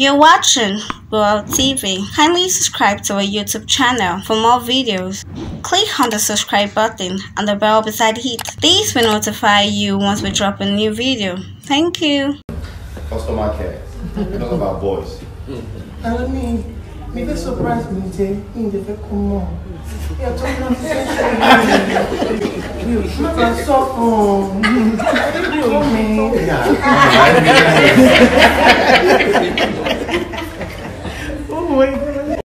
You're watching World TV. Kindly subscribe to our YouTube channel for more videos. Click on the subscribe button and the bell beside it. This will notify you once we drop a new video. Thank you. Customer care. We talk about boys. I mean, me surprise me in the come um,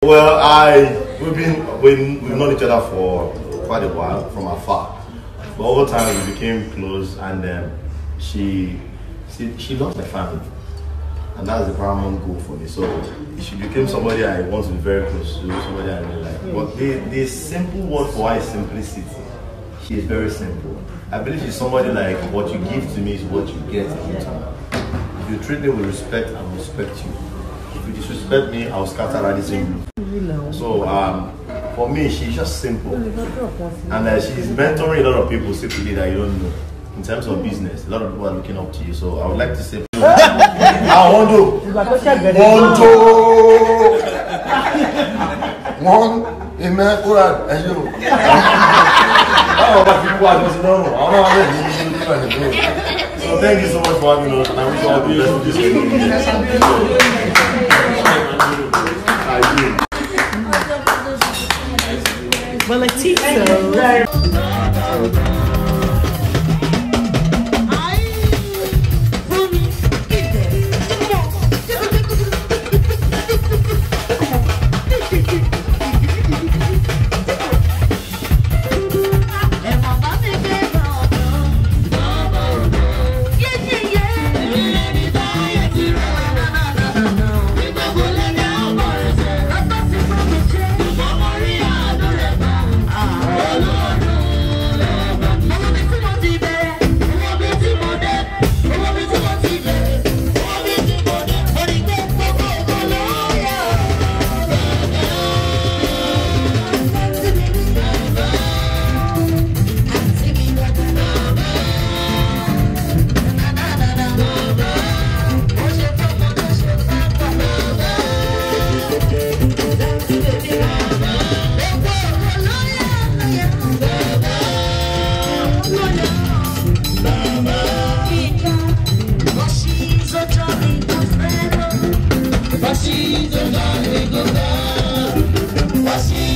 well, I we've been we we've known each other for quite a while from afar, but over time we became close, and um, she she she lost her family and that's the paramount goal for me. So she became somebody I want to be very close to, somebody I really like. But the, the simple word for her is simplicity. She is very simple. I believe she's somebody like what you give to me is what you get in return. If you treat me with respect, I will respect you. If you disrespect me, I will scatter at the same So um, for me, she's just simple. And uh, she's mentoring a lot of people secretly that you don't know. In terms of business, a lot of people are looking up to you. So I would like to say àwọn ah, dò wọ́n tó wọ́n ìmẹ́ kúrà ẹ̀yìn o báwo bá fi kú àjọṣe lọ́rùn àwọn àwọn ẹ̀yìn ní ìlú nígbà yẹn So thank you so much for having us and I wish you all the best of this Well, I think así.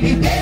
He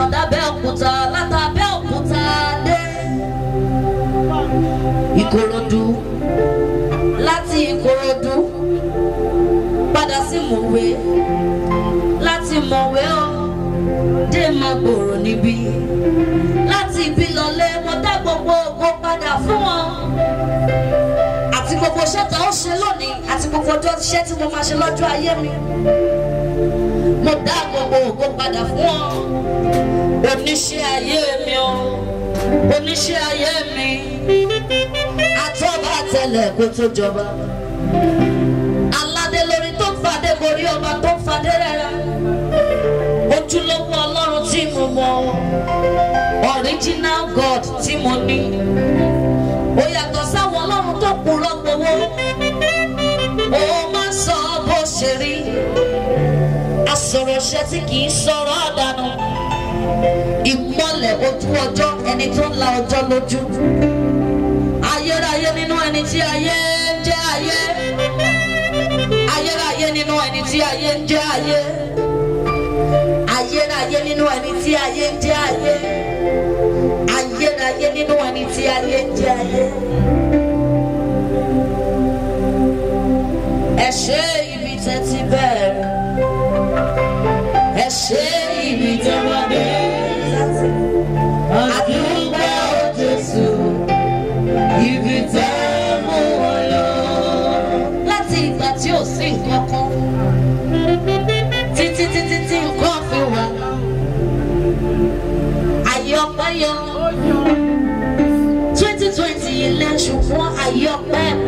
lọ́dàbẹ́òkúta látàbẹ́òkúta dé ìkòròdú láti ìkòròdú padà sí mọ̀wé láti mọ̀wé o dé máa gbòòrò níbí láti ibi lọlé mo dá gbogbo ògo padà fún wọn àti gbogbo iṣẹ́ tó ń ṣe lónìí àti gbogbo iṣẹ́ tí mo máa ṣe lọ́jọ́ ayé mi mo dá gbogbo ògo padà fún ọ oníṣẹ́ ayé mi o oníṣẹ́ ayé mi atọ́ba tẹlẹ̀ kó tó jọba aládé lórí tó fadé borí ọba tó fadé rẹ̀ra ojúlówó ọlọ́run tí mo mọ̀ original God tí mo ní ó yàtọ̀ sáwọn ọlọ́run tó kú rọ́pò ó máa sọ bó ṣe rí sọ̀rọ̀ ṣẹ́ tí kì í sọ̀rọ̀ dànù ìmọ̀lẹ̀ ojú ọjọ́ ẹni tó ń la ọjọ́ lójú ayérayé nínú ẹni tí ayé ń jẹ́ ayé ayérayé nínú ẹni tí ayé ń jẹ́ ayé ayérayé nínú ẹni tí ayé ń jẹ́ ayé ayérayé nínú ẹni tí ayé ń jẹ́ ayé ẹ ṣe é.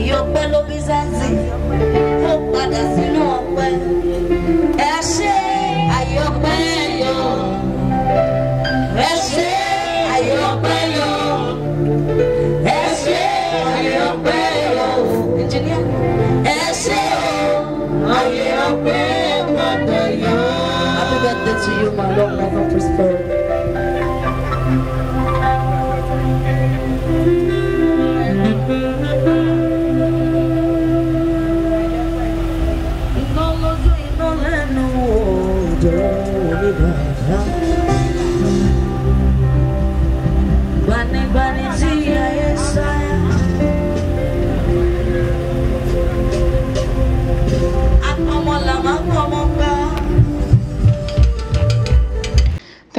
yọ yọ yọ yọ. Happy birthday to you, my Lord, my God, prosper.